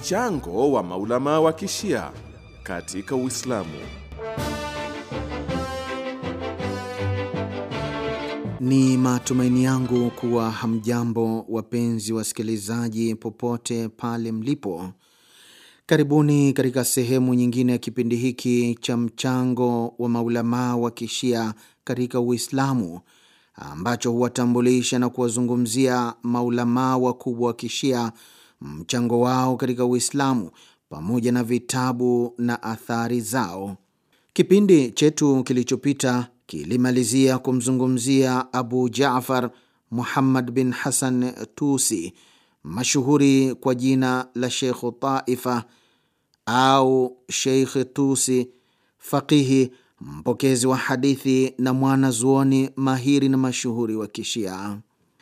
Mchango wa maulama wa kishia katika Uislamu. Ni matumaini yangu kuwa hamjambo, wapenzi wasikilizaji, popote pale mlipo. Karibuni katika sehemu nyingine ya kipindi hiki cha mchango wa maulamaa wa kishia katika Uislamu ambacho huwatambulisha na kuwazungumzia maulamaa wakubwa wa kishia mchango wao katika Uislamu pamoja na vitabu na athari zao. Kipindi chetu kilichopita kilimalizia kumzungumzia Abu Jafar Muhammad bin Hasan Tusi, mashuhuri kwa jina la Sheikhu Taifa au Sheikh Tusi, faqihi mpokezi wa hadithi na mwanazuoni mahiri na mashuhuri wa Kishia.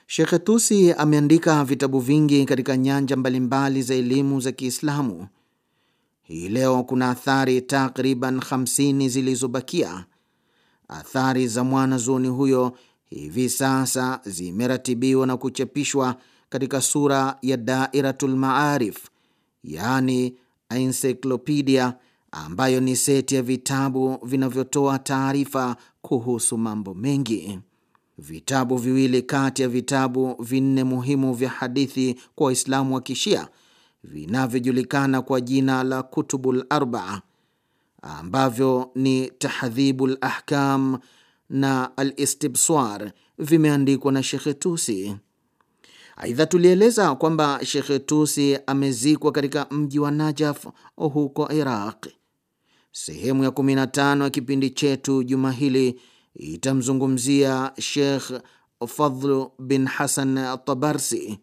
Shekhe Tusi ameandika vitabu vingi katika nyanja mbalimbali za elimu za Kiislamu. Hii leo kuna athari takriban 50 zilizobakia. Athari za mwanazuoni huyo hivi sasa zimeratibiwa na kuchapishwa katika sura ya Dairatul Maarif, yaani encyclopedia ambayo ni seti ya vitabu vinavyotoa taarifa kuhusu mambo mengi vitabu viwili kati ya vitabu vinne muhimu vya hadithi kwa Waislamu wa Kishia vinavyojulikana kwa jina la Kutubul Arbaa ambavyo ni Tahdhibul Ahkam na Alistibswar vimeandikwa na Shekhe Tusi. Aidha, tulieleza kwamba Shekhe Tusi amezikwa katika mji wa Najaf huko Iraq. Sehemu ya 15 ya kipindi chetu juma hili itamzungumzia Sheikh Fadlu bin Hasan Tabarsi,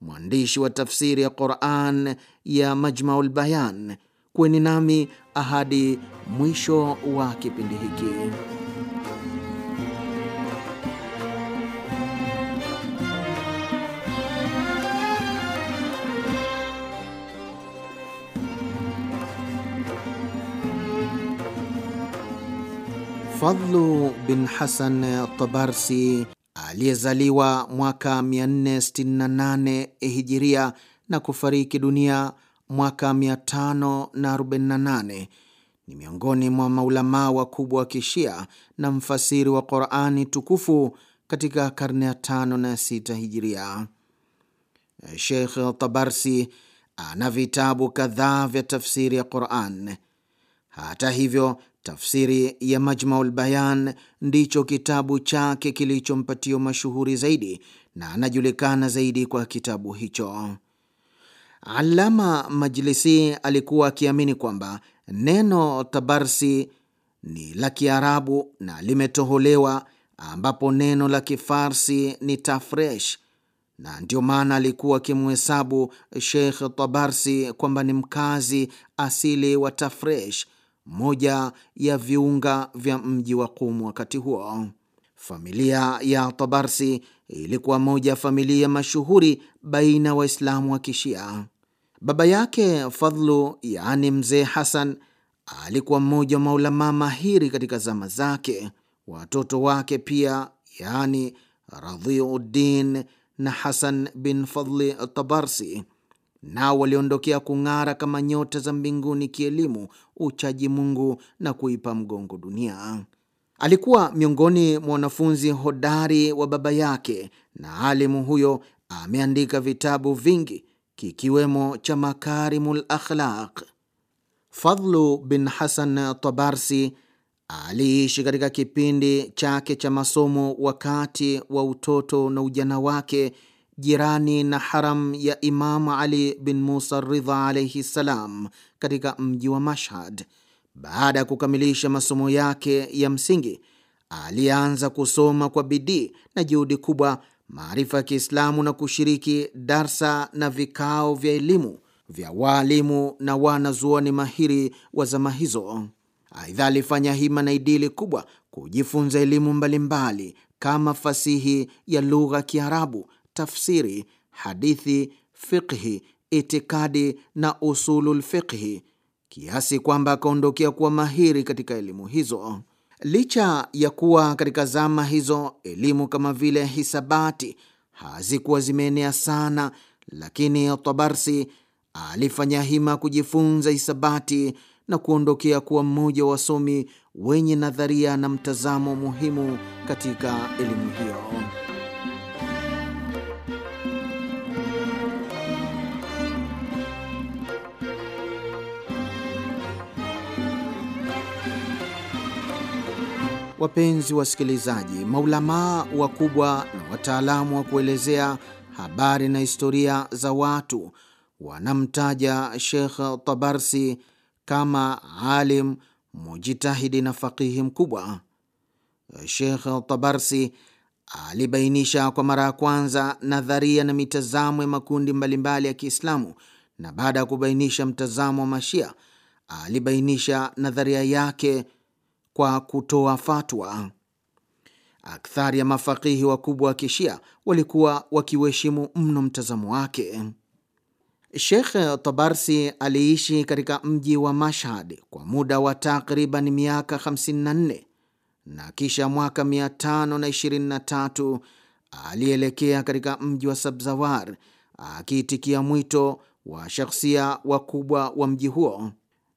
mwandishi wa tafsiri ya Quran ya Majmaul Bayan. Kweni nami ahadi mwisho wa kipindi hiki. Fadlu bin Hasan Tabarsi aliyezaliwa mwaka 468 hijiria na kufariki dunia mwaka 548 ni miongoni mwa maulamaa wakubwa wa Kishia na mfasiri wa Qurani tukufu katika karne ya tano na sita hijiria. Sheikh Tabarsi ana vitabu kadhaa vya tafsiri ya Quran. Hata hivyo, tafsiri ya Majmaul Bayan ndicho kitabu chake kilichompatia mashuhuri zaidi na anajulikana zaidi kwa kitabu hicho. Alama Majlisi alikuwa akiamini kwamba neno tabarsi ni la Kiarabu na limetoholewa, ambapo neno la Kifarsi ni tafresh, na ndio maana alikuwa akimhesabu Sheikh Tabarsi kwamba ni mkazi asili wa Tafresh moja ya viunga vya mji wa Kumu wakati huo. Familia ya Tabarsi ilikuwa moja ya familia mashuhuri baina Waislamu wa Kishia. Baba yake Fadhlu, yaani Mzee Hasan, alikuwa mmoja wa maulamaa mahiri katika zama zake. Watoto wake pia, yaani Radhiuddin na Hasan bin Fadli Tabarsi nao waliondokea kung'ara kama nyota za mbinguni kielimu, uchaji Mungu na kuipa mgongo dunia. Alikuwa miongoni mwa wanafunzi hodari wa baba yake, na alimu huyo ameandika vitabu vingi kikiwemo cha Makarimul Akhlaq. Fadhlu bin Hasan Tabarsi aliishi katika kipindi chake cha masomo wakati wa utoto na ujana wake jirani na haram ya Imamu Ali bin Musa Ridha alaihi ssalam katika mji wa Mashhad. Baada ya kukamilisha masomo yake ya msingi, alianza kusoma kwa bidii na juhudi kubwa maarifa ya Kiislamu na kushiriki darsa na vikao vya elimu vya waalimu na wanazuoni mahiri wa zama hizo. Aidha, alifanya hima na idili kubwa kujifunza elimu mbalimbali kama fasihi ya lugha Kiarabu tafsiri, hadithi, fiqhi, itikadi na usulul fiqhi, kiasi kwamba akaondokea kuwa mahiri katika elimu hizo. Licha ya kuwa katika zama hizo elimu kama vile hisabati hazikuwa zimeenea sana, lakini Tabarsi alifanya hima kujifunza hisabati na kuondokea kuwa mmoja wa wasomi wenye nadharia na mtazamo muhimu katika elimu hiyo. wapenzi wasikilizaji, maulamaa wakubwa na wataalamu wa kuelezea habari na historia za watu wanamtaja Shekh Tabarsi kama alim mujitahidi na faqihi mkubwa. Shekh Tabarsi alibainisha kwa mara ya kwanza nadharia na mitazamo ya makundi mbalimbali ya Kiislamu, na baada ya kubainisha mtazamo wa Mashia alibainisha nadharia yake kwa kutoa fatwa. Akthari ya mafakihi wakubwa wa kishia walikuwa wakiuheshimu mno mtazamo wake. Sheikh Tabarsi aliishi katika mji wa Mashhad kwa muda wa takriban miaka 54 na kisha mwaka 523 alielekea katika mji wa Sabzawar akiitikia mwito wa shakhsia wakubwa wa mji huo.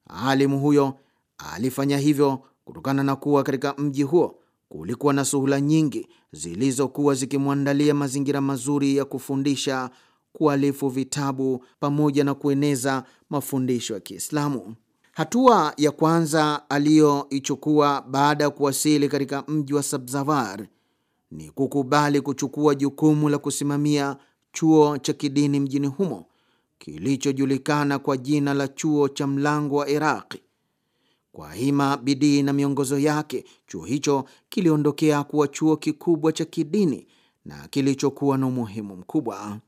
Alimu huyo alifanya hivyo kutokana na kuwa katika mji huo kulikuwa na suhula nyingi zilizokuwa zikimwandalia mazingira mazuri ya kufundisha, kualifu vitabu pamoja na kueneza mafundisho ya Kiislamu. Hatua ya kwanza aliyoichukua baada ya kuwasili katika mji wa Sabzawar ni kukubali kuchukua jukumu la kusimamia chuo cha kidini mjini humo kilichojulikana kwa jina la chuo cha mlango wa Iraqi kwa hima, bidii na miongozo yake, chuo hicho kiliondokea kuwa chuo kikubwa cha kidini na kilichokuwa na umuhimu mkubwa.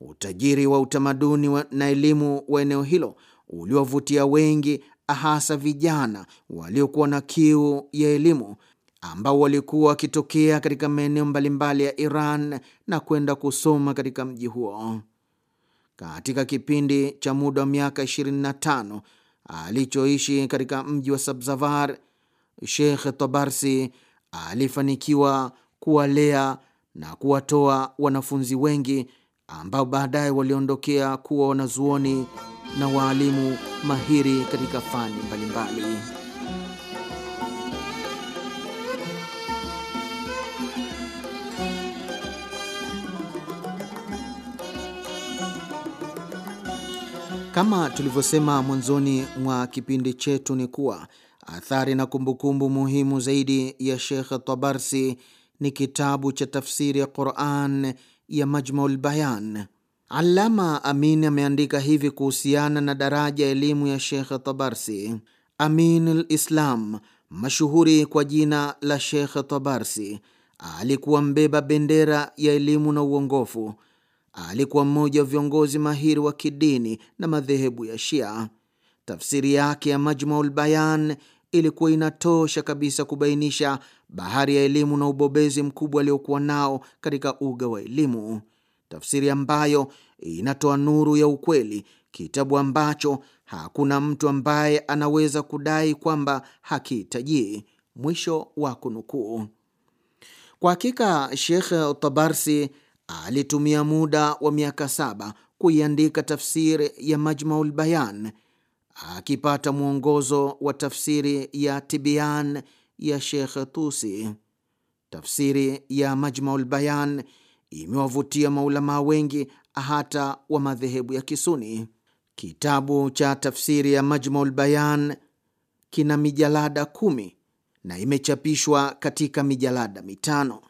Utajiri wa utamaduni na elimu wa eneo hilo uliovutia wengi, hasa vijana waliokuwa na kiu ya elimu, ambao walikuwa wakitokea katika maeneo mbalimbali ya Iran na kwenda kusoma katika mji huo. Katika kipindi cha muda wa miaka 25 alichoishi katika mji wa Sabzavar, Sheikh Tabarsi alifanikiwa kuwalea na kuwatoa wanafunzi wengi ambao baadaye waliondokea kuwa wanazuoni na waalimu mahiri katika fani mbalimbali. Kama tulivyosema mwanzoni mwa kipindi chetu, ni kuwa athari na kumbukumbu muhimu zaidi ya Sheikh Tabarsi ni kitabu cha tafsiri ya Quran ya Majmaul Bayan. Alama Amin ameandika hivi kuhusiana na daraja elimu ya Sheikh Tabarsi: Amin al-Islam mashuhuri kwa jina la Sheikh Tabarsi alikuwa mbeba bendera ya elimu na uongofu alikuwa mmoja wa viongozi mahiri wa kidini na madhehebu ya Shia. Tafsiri yake ya Majmaul Bayan ilikuwa inatosha kabisa kubainisha bahari ya elimu na ubobezi mkubwa aliokuwa nao katika uga wa elimu, tafsiri ambayo inatoa nuru ya ukweli, kitabu ambacho hakuna mtu ambaye anaweza kudai kwamba hakihitajii. Mwisho wa kunukuu. Kwa hakika Shekh Tabarsi alitumia muda wa miaka saba kuiandika tafsiri ya Majmaul Bayan, akipata mwongozo wa tafsiri ya Tibian ya Shekh Tusi. Tafsiri ya Majmaul Bayan imewavutia maulamaa wengi hata wa madhehebu ya Kisuni. Kitabu cha tafsiri ya Majmaul Bayan kina mijalada kumi na imechapishwa katika mijalada mitano.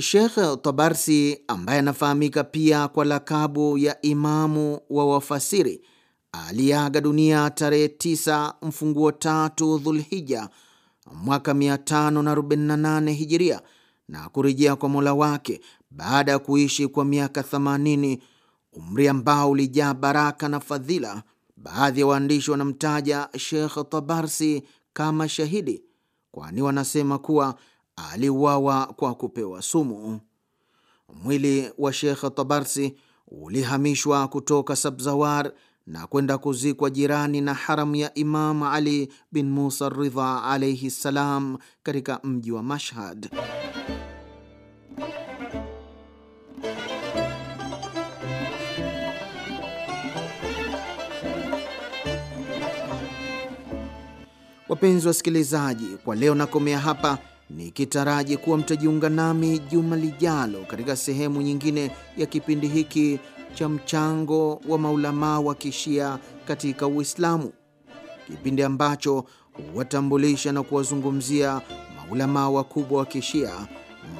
Shekh Tabarsi ambaye anafahamika pia kwa lakabu ya Imamu wa Wafasiri aliaga dunia tarehe 9 mfunguo tatu Dhulhija mwaka 548 Hijiria na kurejea kwa Mola wake baada ya kuishi kwa miaka 80, umri ambao ulijaa baraka na fadhila. Baadhi ya waandishi wanamtaja Shekh Tabarsi kama shahidi, kwani wanasema kuwa aliuawa kwa kupewa sumu. Mwili wa Shekh Tabarsi ulihamishwa kutoka Sabzawar na kwenda kuzikwa jirani na haramu ya Imam Ali bin Musa Ridha alaihi ssalam katika mji wa Mashhad. Wapenzi wasikilizaji, kwa leo nakomea hapa nikitaraji kuwa mtajiunga nami juma lijalo katika sehemu nyingine ya kipindi hiki cha mchango wa maulamaa wa kishia katika Uislamu, kipindi ambacho huwatambulisha na kuwazungumzia maulamaa wakubwa wa kishia,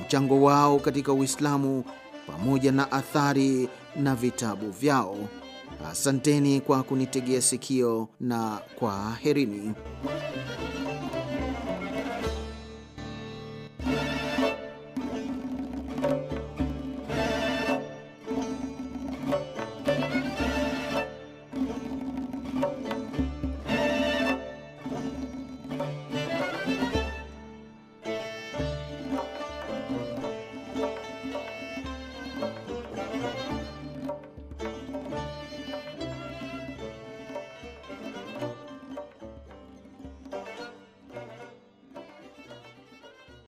mchango wao katika Uislamu pamoja na athari na vitabu vyao. Asanteni kwa kunitegea sikio na kwaherini.